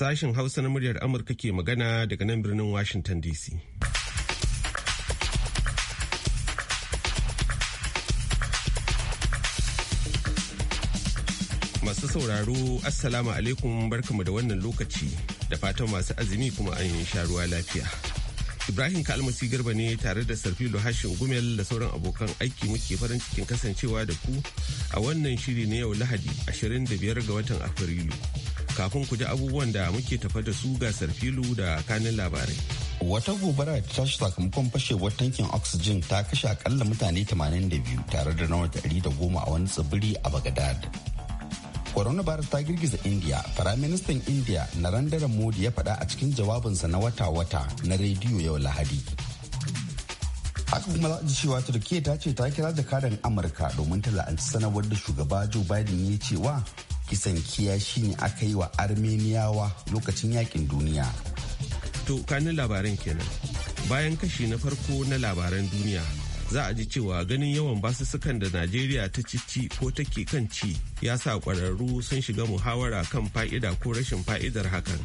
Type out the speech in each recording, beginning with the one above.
Sashen Hausa na muryar Amurka ke magana daga nan birnin Washington DC. Masu sauraro, Assalamu alaikum barkamu da wannan lokaci da fatan masu azumi kuma an yi ruwa lafiya. Ibrahim Kalmasi Garba ne tare da Sarfilo Hashin Gumel da sauran abokan aiki muke farin cikin kasancewa da ku a wannan shiri na yau Lahadi 25 ga watan Afrilu. kafin ku ji abubuwan da muke tafa da su ga filu da kanin labarai. Wata gobara ta tashi sakamakon fashewar tankin oxygen ta kashe akalla mutane 82 tare da nawa goma a wani tsibiri a Bagdad. Coronavirus ta girgiza India, Firaministan India Narendra Modi ya faɗa a cikin jawabinsa na wata-wata na rediyo yau Lahadi. Haka kuma za ji cewa Turkiyya ta ce ta kira jakadan Amurka domin ta la'anci sanarwar da shugaba Joe Biden ya cewa kisan kiyashi shine aka yi wa armeniyawa lokacin yakin duniya to kanin labaran kenan bayan kashi na farko na labaran duniya za a ji cewa ganin yawan basussukan da najeriya ta cici ko take kan ci ya sa kwararru sun shiga muhawara kan fa'ida ko rashin fa'idar hakan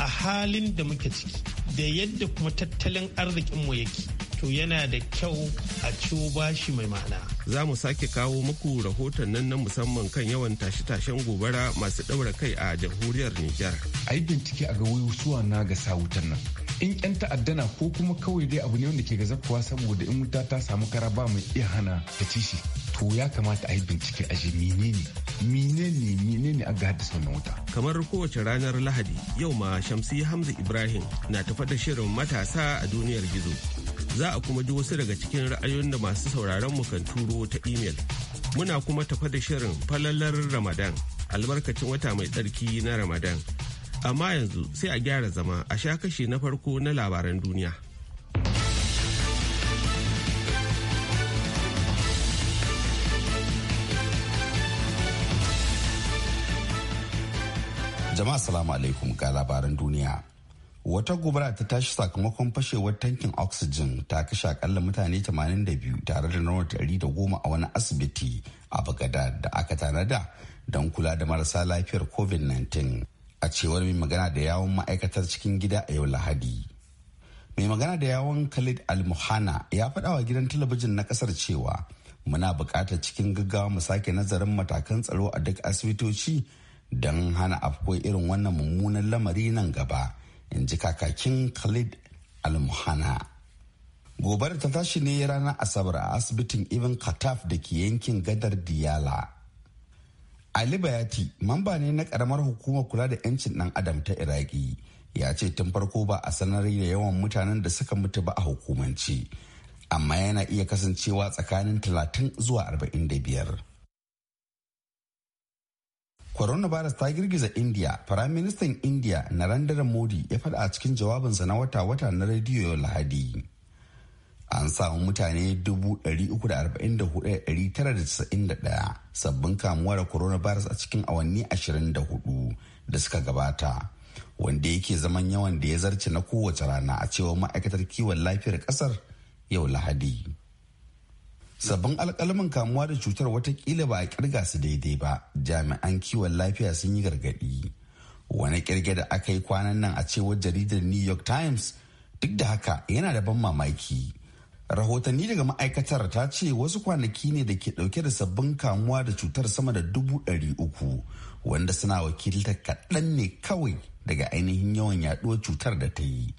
a halin da muke ciki da yadda kuma tattalin arzikinmu yake to yana da kyau a ciwo shi mai ma'ana. Za mu sake kawo muku rahoton nan na musamman kan yawan tashe-tashen gobara masu ɗaura kai a jamhuriyar Nijar. A yi bincike a ga suwa na ga sa wutan nan. In 'yan ta'addana ko kuma kawai dai abu ne wanda ke gazakuwa saboda in wuta ta samu kara ba mai iya hana ta ci shi. To ya kamata a yi bincike a menene menene menene a haddasa wuta. Kamar kowace ranar Lahadi yau ma Shamsi Hamza Ibrahim na tafa da shirin matasa a duniyar gizo. za a kuma ji wasu daga cikin ra'ayoyin da masu sauraron mu kan turo ta imel. Muna kuma tafa da shirin falalar Ramadan, albarkacin wata mai tsarki na Ramadan. Amma yanzu sai a gyara zama a sha kashe na farko na labaran duniya. Jama'a salamu alaikum ga labaran duniya. wata gobara ta tashi sakamakon fashewar tankin oxygen ta kashe akalla mutane 82 tare da nawa goma a wani asibiti a bagada da aka tanada don kula da marasa lafiyar covid-19 a cewar mai magana da yawon ma'aikatar cikin gida a yau lahadi mai magana da yawon khalid al-muhana ya faɗa wa gidan talabijin na ƙasar cewa muna buƙatar cikin gaggawa mu sake nazarin matakan tsaro a duk asibitoci don hana afkuwa irin wannan mummunan lamari nan gaba in ji kakakin khalid almuhana gobar ta tashi ne ranar asabar a asibitin ibn kataf da ke yankin gadar diyala ali bayati mamba ne na karamar hukumar kula da 'yancin dan adam ta iraki ya ce tun farko ba a sanar da yawan mutanen da suka mutu ba a hukumance amma yana iya kasancewa tsakanin 30 zuwa 45 coronavirus ta girgiza india Prime Minister india narendra modi ya faɗa a cikin jawabinsa na wata-wata na rediyo lahadi an samu mutane 344,991 sabbin kamuwa da coronavirus a cikin awanni 24 da suka gabata wanda yake zaman yawan da ya zarce na kowace rana a cewar ma'aikatar kiwon lafiyar kasar yau lahadi sabbin alkalamin kamuwa da cutar watakila ba a kirga su daidai ba jami'an kiwon lafiya sun yi gargadi wani kirge da aka yi kwanan nan a cewar jaridar new york times duk da haka yana da ban mamaki rahotanni daga ma'aikatar ta ce wasu kwanaki ne da ke dauke da sabbin kamuwa da cutar sama da dubu ɗari uku wanda suna wakiltar kaɗan ne kawai daga ainihin yawan yaɗuwar cutar da ta yi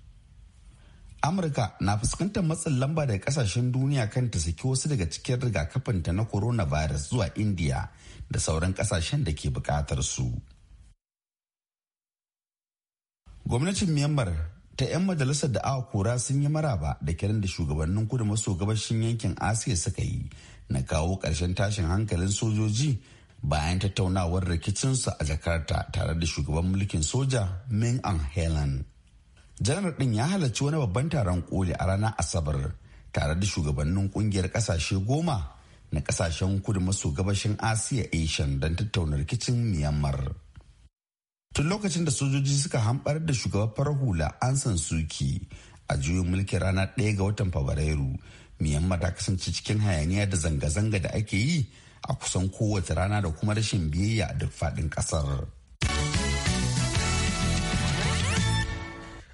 amurka na fuskantar matsin lamba daga kasashen duniya kan ta saki wasu daga cikin rigakafinta na coronavirus zuwa india da sauran kasashen da ke bukatar su gwamnatin myanmar ta 'yan majalisar da aka kura sun yi maraba da kiran da shugabannin kudu maso gabashin yankin asiya suka yi na kawo karshen tashin hankalin sojoji bayan tattaunawar rikicinsu a jakarta tare da shugaban mulkin soja min an helen janar ɗin ya halarci wani babban taron koli a ranar asabar tare da shugabannin kungiyar kasashe goma na kasashen kudu maso gabashin asiya asian don tattauna rikicin myanmar tun lokacin da sojoji suka hambar da shugaban farar hula an san suki a juyin mulkin rana ɗaya ga watan fabrairu myanmar ta kasance cikin hayaniya da zanga-zanga da ake yi a kusan kowace rana da kuma rashin biyayya a duk faɗin ƙasar.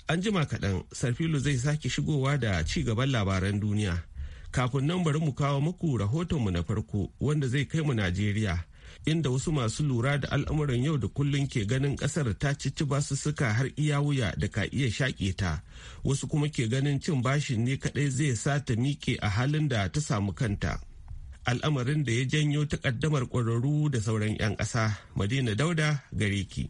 An jima kaɗan, Sarfilo zai sake shigowa da ci gaban labaran duniya. Kafin nan bari mu kawo muku rahotonmu na farko wanda zai kai mu Najeriya. Inda wasu masu lura da al'amuran yau da kullun ke ganin ƙasar ta cici suka har iya wuya da ka iya shaƙe ta, wasu kuma ke ganin cin bashin ne kaɗai zai sa ta miƙe a halin da ta samu kanta. al'amarin da ya janyo takaddamar ƙwararru da sauran 'yan ƙasa madina dauda gare ki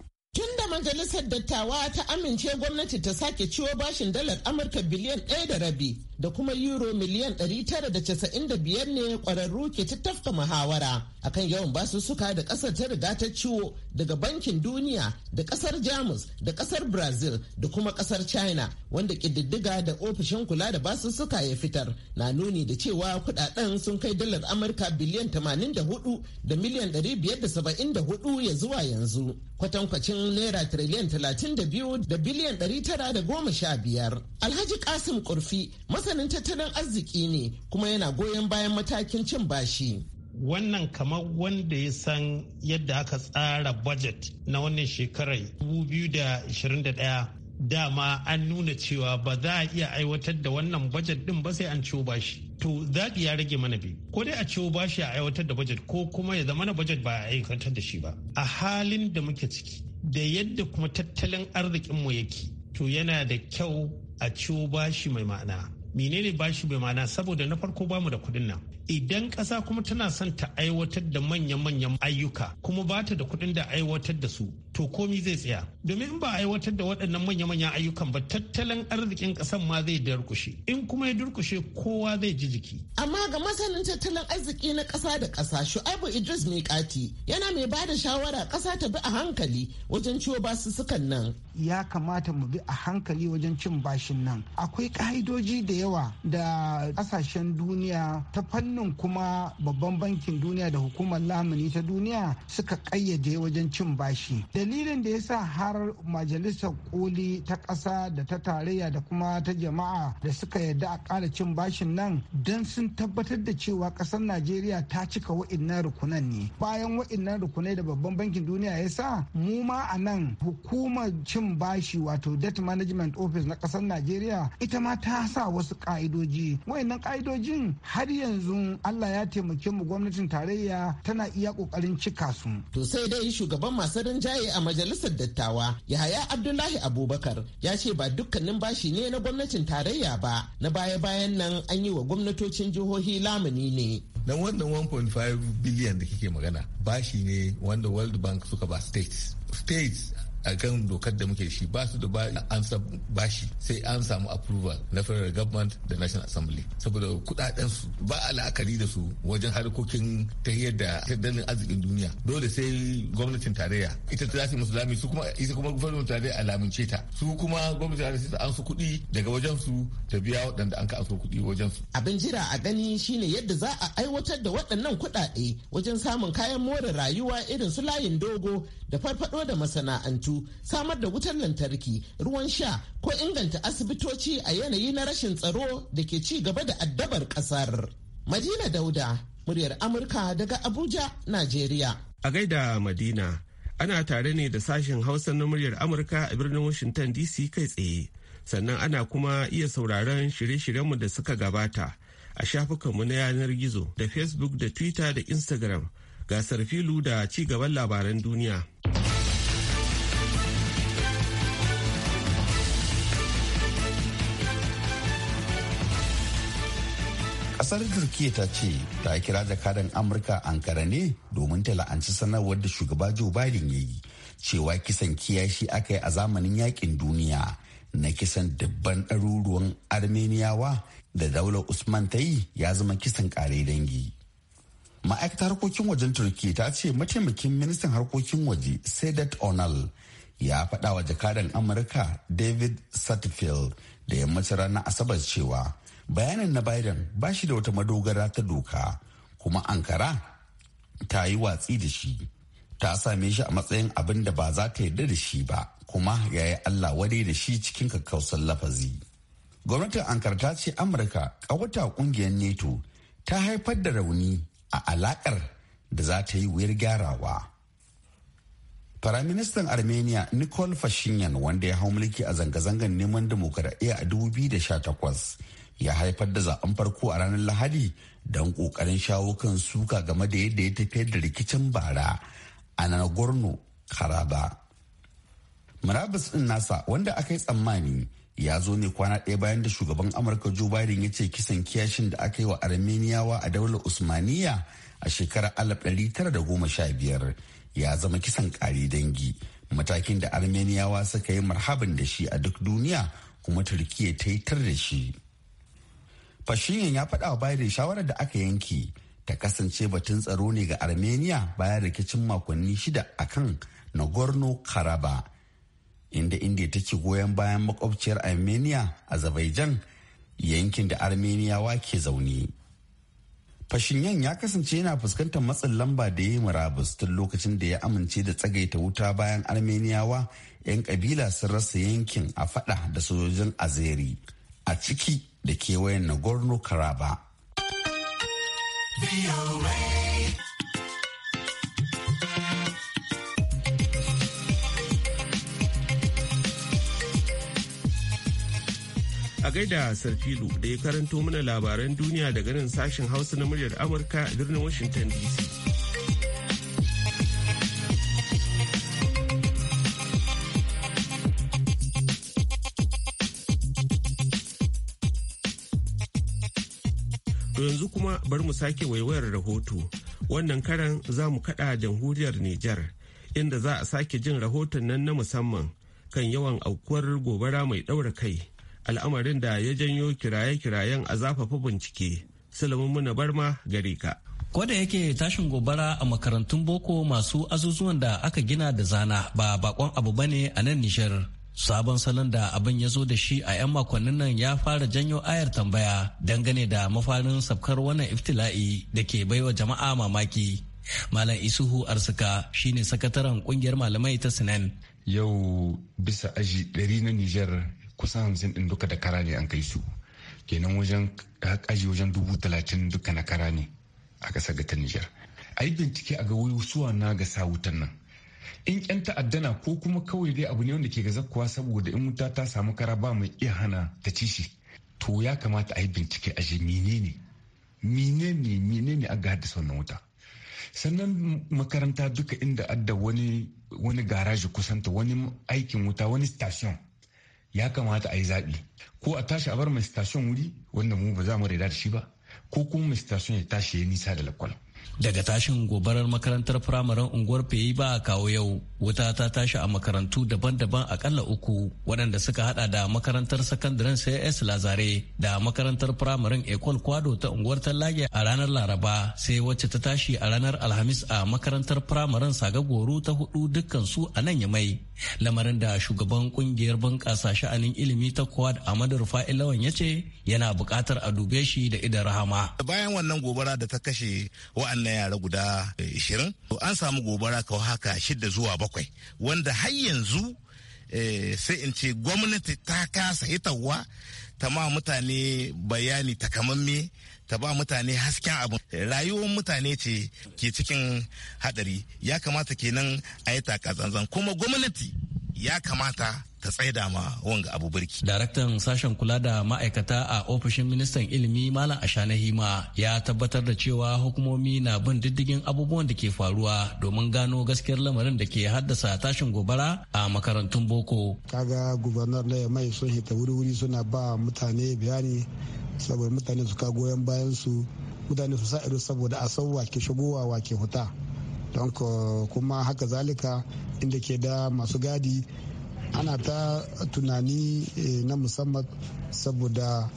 majalisar dattawa ta amince gwamnati ta sake ciwo bashin dalar amurka biliyan ɗaya da rabi da kuma euro miliyan 995 ne kwararru ke tattafka muhawara akan yawan basussuka da kasar ta riga ta ciwo daga bankin duniya da kasar jamus da kasar brazil da kuma kasar china wanda kididdiga da ofishin kula da basussuka ya fitar na nuni da cewa kudaden sun kai dalar amurka biliyan 84 da miliyan 574 ya zuwa yanzu kwatankwacin naira triliyan 32 da biliyan 915 alhaji kasim kurfi masa masanin tattalin arziki ne kuma yana goyon bayan matakin cin bashi. Wannan kamar wanda ya san yadda aka tsara budget na wannan shekarar 2021 dama an nuna cewa ba za a iya aiwatar da wannan budget din ba sai an ciwo bashi. To zaɓi ya rage mana bi. Ko dai a ciwo bashi a aiwatar da budget ko kuma ya zama na budget ba a aiwatar da shi ba. A halin da muke ciki da yadda kuma tattalin arzikinmu yake to yana da kyau a ciwo bashi mai ma'ana menene bashi bai ma'ana saboda na farko bamu da kuɗin nan idan ƙasa kuma tana son ta aiwatar da manya-manyan ayyuka kuma bata da kuɗin da aiwatar da su to komi zai tsaya domin ba a aiwatar da waɗannan manya-manyan ayyukan ba tattalin arzikin ƙasan ma zai durkushe in kuma ya durkushe kowa zai ji jiki amma ga masanin tattalin arziki na ƙasa da ƙasa shu'aibu idris mai ƙati yana mai ba da shawara ƙasa ta bi a hankali wajen ciwo basu sukan nan ya kamata mu bi a hankali wajen cin bashin nan akwai ƙa'idoji da yawa da ƙasashen duniya ta fannin kuma babban bankin duniya da hukumar lamuni ta duniya suka ƙayyade wajen cin bashi dalilin da ya sa har majalisar koli ta ƙasa da ta tarayya da kuma ta jama'a da suka yarda a ƙara cin bashin nan don sun tabbatar da cewa ƙasar najeriya ta cika wa'innan rukunan ne bayan wa'innan rukunai da babban bankin duniya ya sa mu ma a nan hukumar cin bashi wato debt management office na ƙasar najeriya ita ma ta sa wasu ƙa'idoji wa'innan ƙa'idojin har yanzu allah ya taimake mu gwamnatin tarayya tana iya ƙoƙarin cika su to sai dai shugaban masu rinjaye a a majalisar dattawa yahaya abdullahi abubakar ya ce ba dukkanin bashi ne na gwamnatin tarayya ba na baya-bayan nan an yi wa gwamnatocin jihohi lamuni ne na wannan 1.5 biliyan da kike magana bashi ne wanda world bank suka ba states states a kan dokar da muke shi ba su da ba an bashi sai an samu approval na federal government da national assembly saboda kudaden su ba a la'akari da su wajen harkokin ta da tattalin arzikin duniya dole sai gwamnatin tarayya ita ta zasu musu lami su kuma ita kuma gwamnatin tarayya a lamince ta su kuma gwamnatin tarayya sai an su kuɗi daga wajen su ta biya waɗanda an ka an su kuɗi wajen su abin jira a gani shine yadda za a aiwatar da waɗannan kuɗaɗe wajen samun kayan more rayuwa irin su layin dogo da farfado da masana'antu samar da wutar lantarki ruwan sha ko inganta asibitoci a yanayi na rashin tsaro da ke ci gaba da addabar kasar madina dauda muryar amurka daga abuja najeriya a gaida madina ana tare ne da sashen hausa na muryar amurka a birnin washington dc kai tsaye sannan ana kuma iya sauraron shirye-shiryenmu da suka gabata a shafukanmu na yanar gizo da facebook da twitter da instagram gasar filu da ci gaban labaran duniya kasar turkiya ta ce ta kira jakadan amurka ankara ne domin ta la'anci sanarwar da shugaba joe biden ya yi cewa kisan kiyashi aka yi a zamanin yakin duniya na kisan dabban ɗaruruwan armeniyawa da daular usman ta yi ya zama kisan ƙare dangi ma'aikatar harkokin wajen turkiya ta ce mataimakin ministan harkokin waje sedat onal ya faɗa wa jakadan amurka david satfield da yammacin ranar asabar cewa bayanin na biden ba shi da wata madogara ta doka kuma ankara ta yi watsi da shi ta same shi a matsayin abin da ba za ta yarda da shi ba kuma ya yi allah wadai da shi cikin kakkausar lafazi gwamnatin ankara ta ce amurka kawata kungiyar nato ta haifar da rauni a alakar da za ta yi wuyar gyarawa Firaministan Armenia Nikol Fashinyan wanda ya hau mulki a zanga-zangar neman demokaradiyya a 2018 ya haifar da zaben farko a ranar lahadi don kokarin shawo kan suka game da yadda ya tafiyar da rikicin bara a nagorno karaba murabus din nasa wanda aka yi tsammani ya zo ne kwana ɗaya bayan da shugaban amurka joe biden ya ce kisan kiyashin da aka yi wa armeniyawa a daular usmaniya a shekarar 1915 ya zama kisan ƙari dangi matakin da armeniyawa suka yi marhaban da shi a duk duniya kuma turkiya ta yi tar da shi Fashinyan ya faɗa wa Biden shawarar da aka yanke ta kasance batun tsaro ne ga Armenia bayan rikicin makonni shida a kan nagorno karaba Inda India take goyon bayan makwabciyar Armenia, Azerbaijan, yankin da Armeniyawa ke zaune. Fashinyan ya kasance yana fuskantar matsin lamba da ya yi murabus tun lokacin da ya amince da tsagaita wuta bayan Armeniyawa 'yan kabila sun rasa yankin a fada da sojojin Azeri. A ciki da kewayen nagorno karaba a gaida sarfilu da ya karanto mana labaran duniya daga nan sashen hausa na muryar amurka a birnin washington dc To yanzu kuma bari mu sake waiwayar rahoto. Wannan karan za mu kada jamhuriyar Nijar inda za a sake jin rahoton nan na musamman kan yawan aukuwar gobara mai ɗaura kai al'amarin da ya janyo kiraye-kirayen a zafafa bincike. Salamun muna barma gare ka. Koda yake tashin gobara a makarantun boko masu azuzuwan da aka gina da zana ba bakon abu bane a nan Nijar. sabon salon da abin ya zo da shi a 'yan makonnin nan ya fara janyo ayar tambaya dangane da mafarin safkar wannan iftila'i da ke baiwa jama'a mamaki malam isuhu arsika shine sakataren kungiyar malamai ta sinan yau bisa aji ɗari na niger kusan hamsin din duka da kara ne an kai su kenan wajen aji wajen dubu talatin duka na kara ne a kasar ta niger. a yi bincike a ga suwa na ga sa wutan nan in yan ta'addana ko kuma kawai dai abu ne wanda ke gazakkuwa saboda in wuta ta samu kara ba mai iya hana ta ci shi to ya kamata a yi bincike a ne menene menene a aka haddasa wannan wuta sannan makaranta duka inda adda wani wani garaji kusanta wani aikin wuta wani station ya kamata a yi zaɓi ko a tashi a bar mai station wuri wanda mu ba za mu raida da shi ba ko kuma mai station ya tashi ya nisa da lakwal daga tashin gobarar makarantar firamaren unguwar feyi ba a kawo yau wuta ta tashi a makarantu daban-daban akalla uku waɗanda suka hada da makarantar sakandaren cs lazare da makarantar firamaren ekol kwado ta unguwar tallage a ranar laraba sai wacce ta tashi a ranar alhamis a makarantar firamaren sagagoro ta hudu dukkan su a nan yamai lamarin da shugaban kungiyar bunƙasa sha'anin ilimi ta kwad amadu rufa'i lawan ya ce yana buƙatar a dube shi da idan rahama bayan wannan gobara da ta kashe wa'annan na yara guda 20 an samu gobara kawo haka shida zuwa bakwai wanda har yanzu eh, sai in ce gwamnati ta kasa wa ta ma mutane bayani takamamme ta ba mutane hasken abu rayuwar mutane ce ke cikin hadari ya kamata kenan a yi takatsantsan kuma gwamnati ya kamata ta tsaida ma wanga abu birki. Daraktan sashen kula da ma'aikata a ofishin ministan ilimi Malam Ashana Hima ya tabbatar da cewa hukumomi na bin diddigin abubuwan da ke faruwa domin gano gaskiyar lamarin da ke haddasa tashin gobara a makarantun boko. Kaga gubernar da mai sun hita wuri-wuri suna ba mutane bayani saboda mutane su ka goyon bayan su mutane su sa ido saboda a san wake shigowa wake huta. Don kuma haka zalika inda ke da masu gadi ana ta tunani eh, na musamman saboda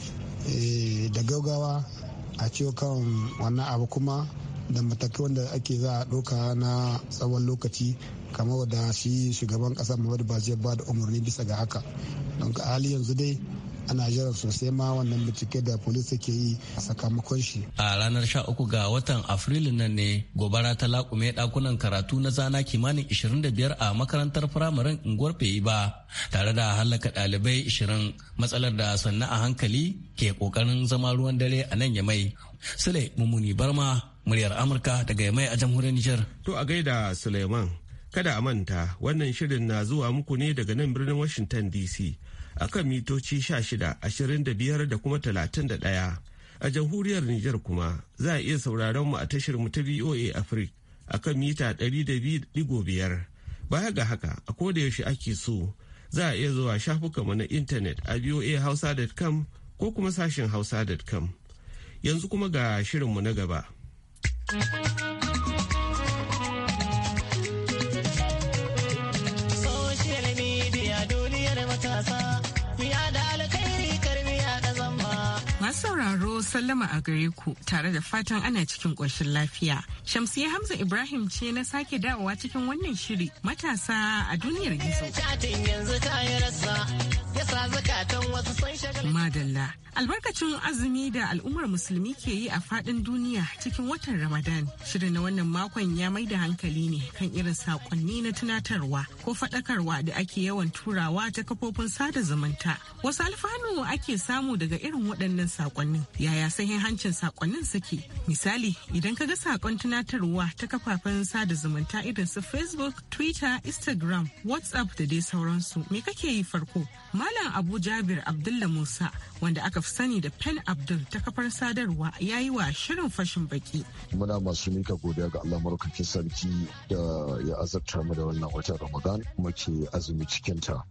eh, da gaugawa a ciwo kan wannan abu kuma da matakai wanda ake za a ɗauka na tsawon lokaci kamar da shi shugaban ƙasa muhammadu baziyar ba da umarni bisa ga haka don ka hali yanzu dai ana jira sosai ma wannan bincike da polis ke yi a sakamakon shi. A ranar 13 ga watan Afrilu nan ne gobara ta lakume dakunan karatu na zana kimanin 25 a makarantar firamaren unguwar ba tare da halaka ɗalibai 20 matsalar da sannu a hankali ke kokarin zama ruwan dare a nan yamai. Sule Mumuni Barma muryar Amurka daga yamai a jamhuriyar Nijar. To a gaida Suleiman kada a manta wannan shirin na zuwa muku ne daga nan birnin Washington DC. akan mitoci 16 25 da kuma 31 a jamhuriyar Nijar kuma za a iya sauraron mu a tashar mu ta VOA Africa akan mita 200.5 baya ga haka a koda yaushe ake so za a iya zuwa shafukanmu na intanet a voahausa.com ko kuma sashin hausa.com yanzu kuma ga shirinmu na gaba. sauraro sallama a gare ku tare da fatan ana cikin ƙoshin lafiya. Shamsiyya Hamza Ibrahim ce na sake dawowa cikin wannan shiri matasa a duniyar gizo. albarkacin azumi da al'ummar musulmi ke yi a fadin duniya cikin watan ramadan shirin na wannan makon ya mai da hankali ne kan irin sakonni na tunatarwa ko faɗakarwa da ake yawan turawa ta kafofin sada zumunta wasu alfanu ake samu daga irin waɗannan sakonnin yaya hancin sakonnin suke misali idan ka ga sakon tunatarwa ta kafafen sada zumunta irin su facebook twitter instagram whatsapp da dai sauransu me kake yi farko malam abu jabir abdullah musa wanda aka fi sani da Pen Abdul ta kafar sadarwa ya yi wa shirin fashin baki. Muna masu mika godiya ga Allah maraukakin sarki da ya azabta mu da wannan watan Ramadan muke azumi cikin ta.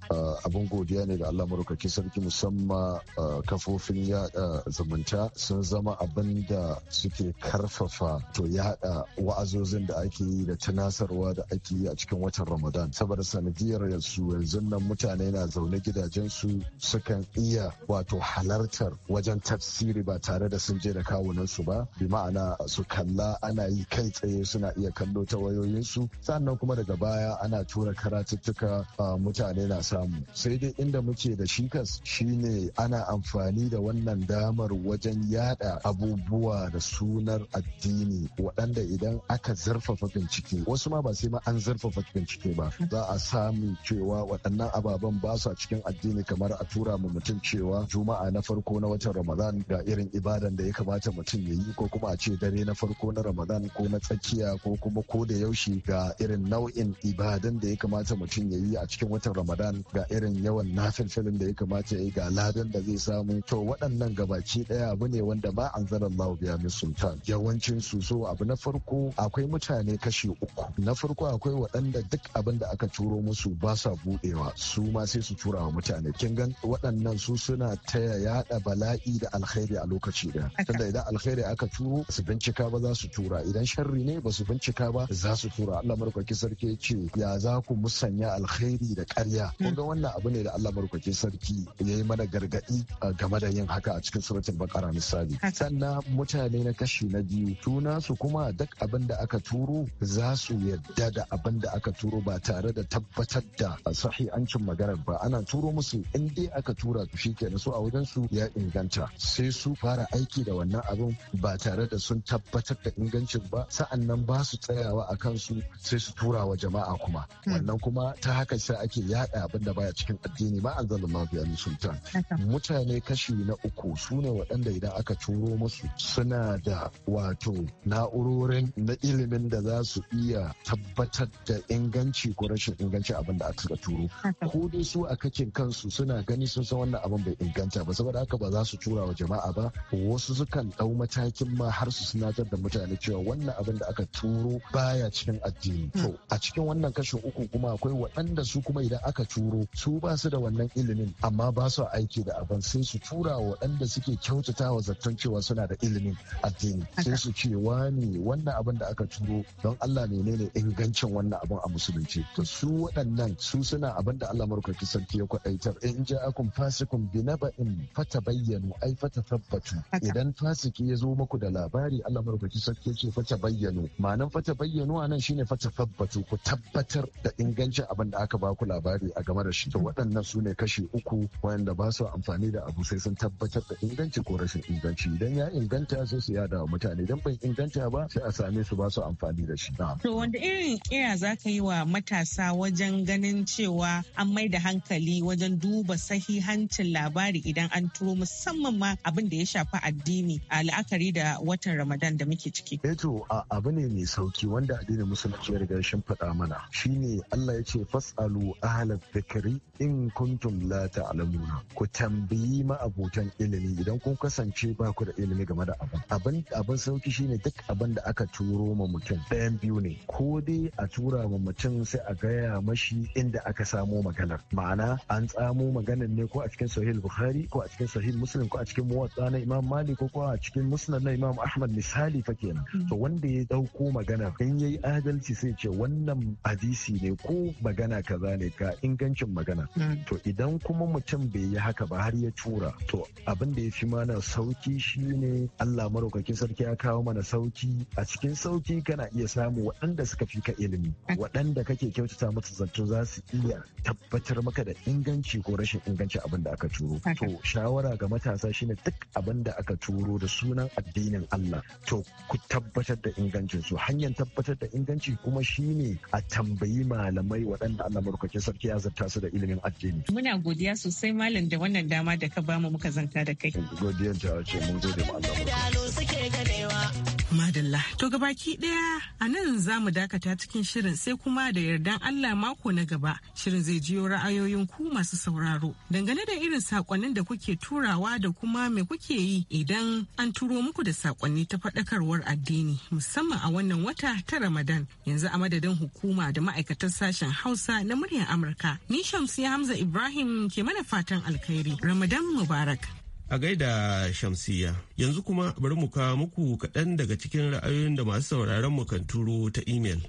Abin godiya ne da Allah maraukakin sarki musamman kafofin yada zumunta sun zama abin da suke karfafa to yada wa'azozin da ake yi da tunasarwa da ake yi a cikin watan Ramadan saboda sanadiyar yanzu yanzu nan mutane na zaune gidajensu sukan iya wato halartar wajen tafsiri ba tare da sun je da kawunansu ba bi ma'ana su kalla ana yi kai tsaye suna iya kallo ta wayoyinsu sannan kuma daga baya ana tura karatuttuka mutane na samu sai dai inda muke da shikas shine ana amfani da wannan damar wajen yada abubuwa da sunar addini waɗanda idan aka zarfafa bincike wasu ma ba sai ma an zarfafa bincike ba za a samu cewa waɗannan ababen ba su a cikin addini kamar a tura mu mutum cewa juma'a na farko na watan ramadan ga irin ibadan da ya kamata mutum ya yi ko kuma a ce dare na farko na ramadan ko na tsakiya ko kuma ko da yaushe ga irin nau'in ibadan da ya kamata mutum ya yi a cikin watan ramadan ga irin yawan nafilfilin da ya kamata ya yi ga ladan da zai samu to waɗannan gabaki ɗaya abu ne wanda ba an zara allahu biya min sultan yawancin su so abu na farko akwai mutane kashi uku na farko akwai waɗanda duk abin da aka turo musu ba sa buɗewa su ma sai su tura wa mutane kin gan waɗannan su suna ta yaɗa bala'i da alkhairi a lokaci ɗaya tunda idan alkhairi aka turo su bincika ba za su tura idan sharri ne ba su bincika ba za su tura Allah markwaki sarki ya ce ya za ku musanya alkhairi da ƙarya hmm. kun ga wannan abu ne da Allah markwaki sarki ya yi mana gargadi game da yin haka a cikin suratul baqara misali sannan mutane na kashi na biyu tuna su kuma duk abin da aka turo za su yarda da abin da aka turo ba tare da tabbatar da sahihancin maganar ba ana turo musu in dai aka tura su shikenan su a wajen su ya inganta sai su fara aiki da wannan abin ba tare da sun tabbatar da ingancin ba sa'an nan ba su tsayawa a kansu sai su tura wa jama'a kuma hmm. wannan kuma ta haka sai ake yada abin da baya cikin addini ma an zalla mafi sultan mutane kashi na uku su ne waɗanda idan aka turo musu suna da wato na'urorin na ilimin da za su iya tabbatar da inganci ko rashin inganci abin da aka turo ko dai su a kakin kansu suna gani sun san wannan abin bai inganta ba saboda haka ba za su tura wa jama'a ba wasu sukan ɗau matakin ma har su sinatar da mutane cewa wannan abin da aka turo baya cikin addini to hmm. a cikin wannan kashe uku kuma akwai waɗanda su kuma idan aka turo su ba su da wannan ilimin amma ba su aiki da abin sai su tura waɗanda suke kyautata wa zaton cewa suna da ilimin addini sai su ce wani wannan abin da aka turo don Allah menene ingancin wannan abin a musulunci to su waɗannan su suna abin da Allah marukaki sarki ya kwadaitar in ja'akum fasikum in fata fataba bayyanu ai fata tabbatu idan fasiki ya zo muku da labari Allah marubuci sarki ce fata bayyanu ma'anan fata bayyanu nan shine fata tabbatu ku tabbatar da ingancin abin da aka baku labari a game da shi to waɗannan su ne kashi uku wanda ba su amfani da abu sai sun tabbatar da inganci ko rashin inganci idan ya inganta sai su yada wa mutane idan bai inganta ba sai a same su ba su amfani da shi to wanda irin kira za ka yi wa matasa wajen ganin cewa an mai da hankali wajen duba sahihancin labari idan an turo musamman ma abin da ya shafi addini a la'akari da watan Ramadan da muke ciki. Eto eh abu ne mai sauki wanda addinin musulunci ya riga shin faɗa mana shine Allah ya ce fasalu ahla dhikri in kuntum la ta'lamuna ku tambayi ma abotan ilimi idan kun kasance ba ku da ilimi game da abin. Abin abin sauki shine duk abin da aka turo ma mutum ɗayan biyu ne ko dai a tura ma mutum sai a gaya mashi inda aka samo maganar ma'ana an tsamo maganar ne ko a cikin sahih bukhari ko a cikin sahih tarihin musulun ko a cikin muwatsa na imam malik ko a cikin musulun na imam ahmad misali fa kenan mm. to wanda ya dauko magana in yayi adalci sai ce wannan hadisi ne ko magana kaza ne ka ingancin magana mm. to idan kuma mutum bai yi haka ba har ya tura to abin da ya fi mana sauki shine Allah maraukakin sarki ya kawo mana sauki a cikin sauki kana iya samu waɗanda suka fi ka ilimi waɗanda kake kyautata musu zato za su iya tabbatar maka da inganci ko rashin inganci abin da aka turo to shawara ga matasa shine duk abin da aka turo da sunan addinin Allah to ku tabbatar da ingancin su hanyar tabbatar da inganci kuma shine a tambayi malamai waɗanda Allah markake sarki ya zarta su da ilimin addini muna godiya sosai malam da wannan dama da ka bamu muka zanta da kai godiya ta ce mun gode mu Allah suke ganewa Madalla. To gabaki ɗaya a nan za mu dakata cikin shirin sai kuma da yardan Allah mako na gaba shirin zai jiyo ra'ayoyin ku masu sauraro dangane da irin sakonnin da kuke turawa da kuma me kuke yi idan an turo muku da sakonni ta faɗakarwar addini musamman a wannan wata ta Ramadan yanzu a madadin hukuma da ma'aikatar sashen Hausa na muryar Amurka. Ni shamsu Hamza Ibrahim ke mana fatan alkhairi. Ramadan Mubarak. a gaida shamsiya yanzu kuma bari mu kawo muku kaɗan daga cikin ra'ayoyin da masu sauraron mu kan turo ta imel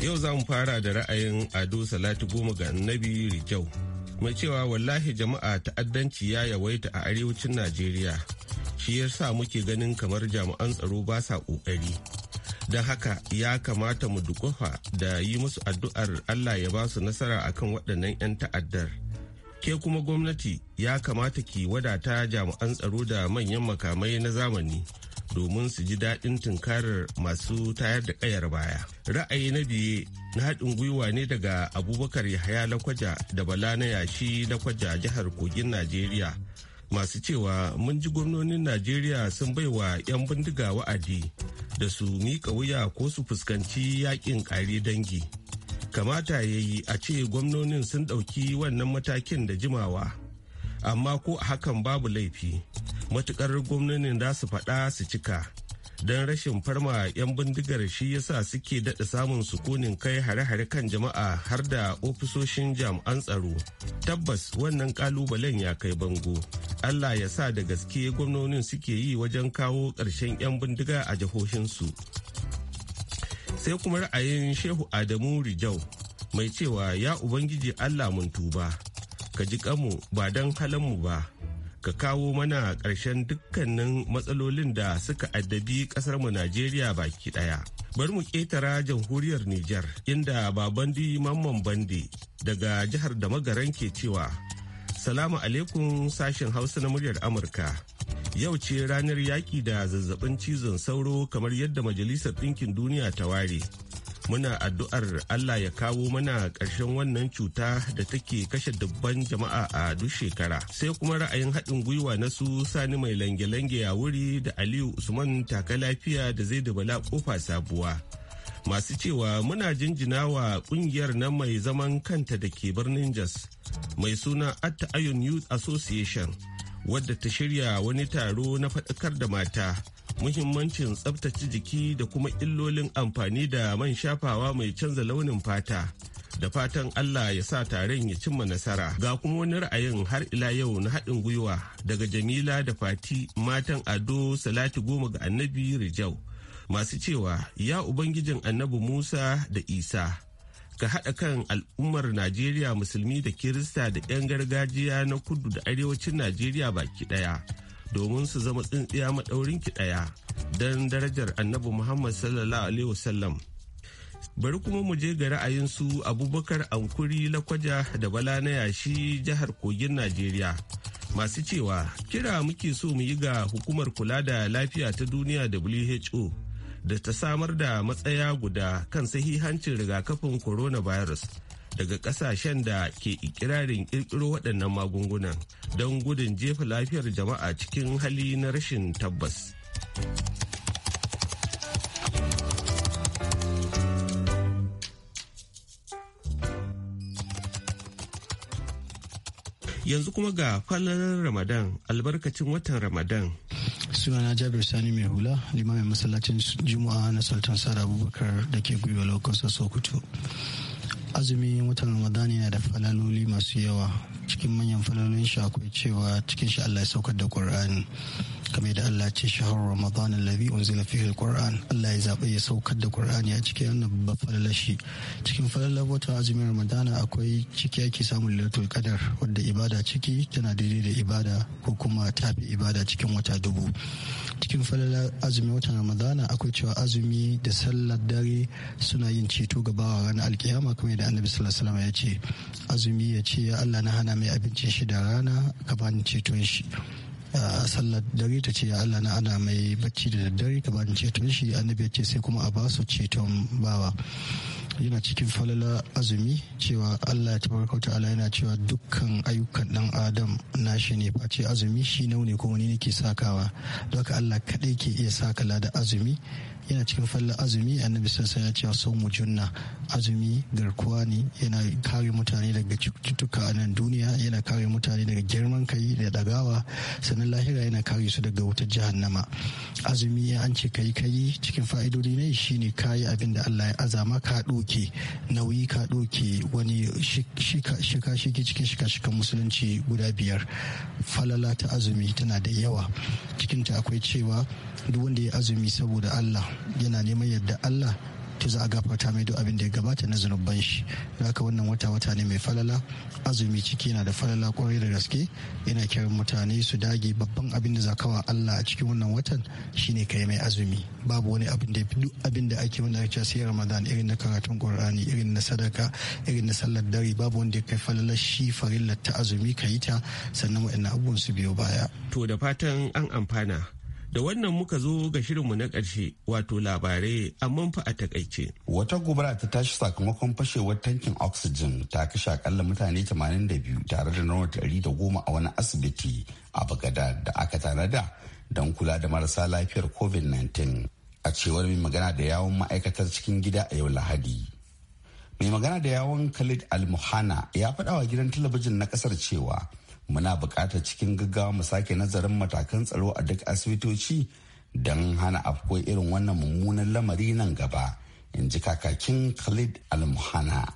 yau za mu fara da ra'ayin ado salatu goma ga annabi rijau mai cewa wallahi jama'a ta'addanci ya yawaita a arewacin najeriya shi ya sa muke ganin kamar jami'an tsaro ba sa ƙoƙari don haka ya kamata mu dukufa da yi musu addu'ar allah ya basu su nasara akan waɗannan 'yan ta'addar ke kuma gwamnati ya kamata ki wadata jami'an tsaro da manyan makamai na zamani domin su ji daɗin tunkarar masu tayar da ƙayar baya. Ra'ayi na biye na haɗin gwiwa ne daga Abubakar Yahaya Lakwaja da Bala na yashi Lakwaja jihar Kogin Najeriya masu cewa mun ji gwamnonin najeriya sun baiwa 'yan bindiga wa'adi da su miƙa wuya ko su fuskanci yakin ƙare dangi kamata ya yi a ce gwamnonin sun ɗauki wannan matakin da jimawa amma ko a hakan babu laifi matuƙar gwamnonin za su faɗa su cika don rashin farma 'yan bindigar shi yasa suke daɗa samun sukunin kai hare-hare kan jama'a har da ofisoshin jami'an tsaro tabbas wannan kalubalen ya kai bango allah ya sa da gaske gwamnonin suke yi wajen kawo ƙarshen 'yan bindiga a jihohinsu sai kuma ra'ayin shehu adamu rijau mai cewa ya ubangiji allah mun tuba ka ji kanmu ba don halanmu ba ka kawo mana ƙarshen dukkanin matsalolin da suka addabi ƙasarmu Najeriya baki ɗaya. Bari mu ƙetara jamhuriyar Nijar inda Babandi Mamman Bande daga jihar da magaran ke cewa Salamu alaikum sashen Hausa na muryar Amurka. Yau ce ranar yaƙi da zazzabin cizon sauro kamar yadda Majalisar Ɗinkin Duniya ta ware. muna addu'ar Allah ya kawo mana ƙarshen wannan cuta da take kashe dubban jama'a a duk shekara. Sai kuma ra'ayin haɗin gwiwa na su sani mai lange-lange ya wuri da Aliyu Usman taka lafiya da zai da bala kofa sabuwa. Masu cewa muna jinjina wa ƙungiyar na mai zaman kanta da ke birnin Jos mai suna Atta Ayon Youth Association wadda ta shirya wani taro na faɗakar da mata. muhimmancin tsabtace jiki da kuma illolin amfani da man shafawa mai canza launin fata da fatan Allah ya sa taron ya cimma nasara ga kuma wani ra'ayin har ila yau na haɗin gwiwa daga Jamila da Fati matan Ado Salati goma ga Annabi Rijau masu cewa ya Ubangijin Annabi Musa da Isa ka haɗa kan al'ummar Najeriya musulmi da Kirista da 'yan gargajiya na kudu da arewacin Najeriya baki ɗaya. domin su zama tsintsiya maɗaurin ki ɗaya don darajar annabi muhammad sallallahu alaihi wasallam bari kuma mu je ga su abubakar ankuri lakwaja da bala na yashi jihar kogin najeriya masu cewa kira muke so mu yi ga hukumar kula da lafiya ta duniya who da ta samar da matsaya guda kan sahihancin rigakafin coronavirus daga kasashen da ke ikirarin kirkiro waɗannan magungunan don gudun jefa lafiyar jama'a cikin hali na rashin tabbas. yanzu kuma ga falalar ramadan albarkacin watan ramadan sunana jabir sani mai hula limamin masallacin juma'a na sultan sara abubakar da ke gwiwa lokacin sokoto azumin watan ramadani yana da falaloli masu yawa cikin manyan falalolin shi akwai cewa cikin shi allah ya saukar da qur'ani kamar da allah ce shahar ramadana labi unzila fihi alquran allah ya zaɓa ya saukar da qur'ani a cikin wannan babban falalar shi cikin falalar watan azumin ramadana akwai ciki ake samun lailatul qadar wadda ibada ciki tana daidai da ibada ko kuma tafi ibada cikin wata dubu cikin falalar azumin watan ramadana akwai cewa azumi da sallar dare suna yin ceto ga bawa ranar alkiyama kamar yadda annabi sallallahu ya ce azumi ya ce ya allah na hana mai abincin shi da rana ka bani ceton shi a sallar dare ta ce ya Allah na ana mai bacci da daddare ka bani ceton shi annabi ya ce sai kuma a basu ceton bawa yana cikin falala azumi cewa Allah ya tabaraka ta'ala yana cewa dukkan ayyukan dan adam nashi ne face azumi shi naune kuma ne ke sakawa don Allah kadai ke iya saka da azumi yana cikin fallar azumi annabi sassan ya ce sau mu junna azumi garkuwa ne yana kare mutane daga cututtuka a nan duniya yana kare mutane daga girman kai da dagawa sannan lahira yana kare su daga wutar jahannama azumi an ce kai kai cikin fa'idodi ne shine kayi abin da Allah ya azama ka ɗoke nauyi ka ɗoke wani shika shiki cikin shika shikan musulunci guda biyar falala ta azumi tana da yawa cikinta akwai cewa duk wanda ya azumi saboda Allah yana neman yadda Allah to za a gafarta mai duk abin da ya gabata na zunuban shi haka wannan wata wata ne mai falala azumi ciki yana da falala kwarai da gaske yana kiran mutane su dage babban abin da za kawa Allah a cikin wannan watan shine kai mai azumi babu wani abin da duk abin da ake wanda ake sai Ramadan irin na karatun Qur'ani irin na sadaka irin na sallar dare babu wanda ya kai falala shi farillar ta azumi kayi ta sannan wa'annan abubuwan su biyo baya to da fatan an amfana Da wannan muka zo ga shirinmu na ƙarshe wato labarai amma fa a takaice. Wata gobara ta tashi sakamakon fashewar tankin oxygen ta kashe akalla mutane 82 tare da nawa 110 a wani asibiti a Bagada da aka tanada don kula da marasa lafiyar COVID-19. A cewar mai magana da yawon ma'aikatar cikin gida a yau Lahadi. Mai magana da yawon Khalid Al-Muhana ya faɗawa gidan talabijin na ƙasar cewa muna buƙatar cikin gaggawa mu sake nazarin matakan tsaro a duk asibitoci don hana afko irin wannan mummunan lamari nan gaba in ji kakakin khalid almuhana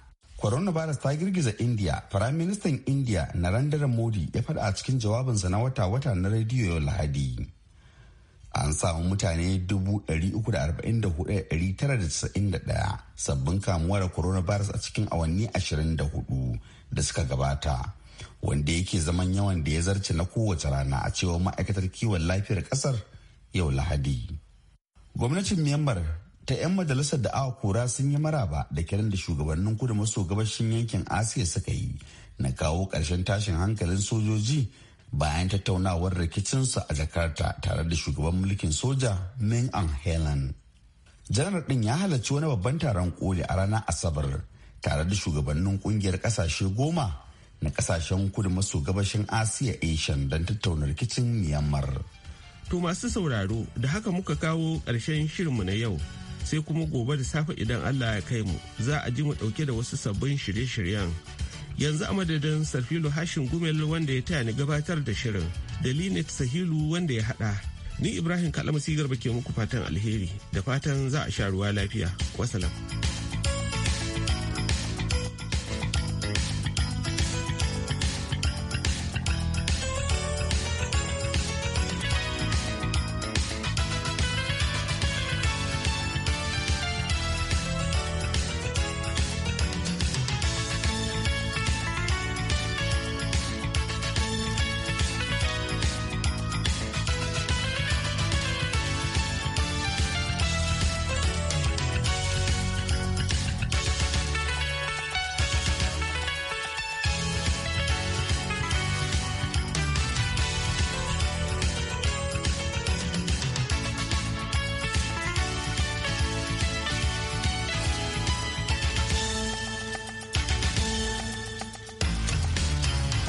coronavirus ta girgiza india firaministan india narendra modi ya faɗa a cikin jawabinsa na wata-wata na rediyo lahadi an samu mutane 344,991 sabbin kamuwa da coronavirus a cikin awanni 24 da suka gabata wanda yake zaman yawan da ya zarce na kowace rana a cewa ma'aikatar kiwon lafiyar kasar yau lahadi gwamnatin myanmar ta 'yan majalisar da awa kura sun yi maraba da kiran da shugabannin kudu maso gabashin yankin asiya suka yi na kawo ƙarshen tashin hankalin sojoji bayan tattaunawar rikicinsu a jakarta tare da shugaban mulkin soja min an helen janar din ya halarci wani babban taron koli a ranar asabar tare da shugabannin kungiyar kasashe goma na kasashen kudu maso gabashin asiya asian don tattauna rikicin myanmar to masu sauraro da haka muka kawo ƙarshen shirinmu na yau sai kuma gobe da safe idan allah ya kai mu za a ji mu ɗauke da wasu sabbin shirye-shiryen yanzu a madadin sarfilo hashin gumel wanda ya taya ni gabatar da shirin da linet sahilu wanda ya hada ni ibrahim kalamasi garba ke muku fatan alheri da fatan za a sha ruwa lafiya wasalam.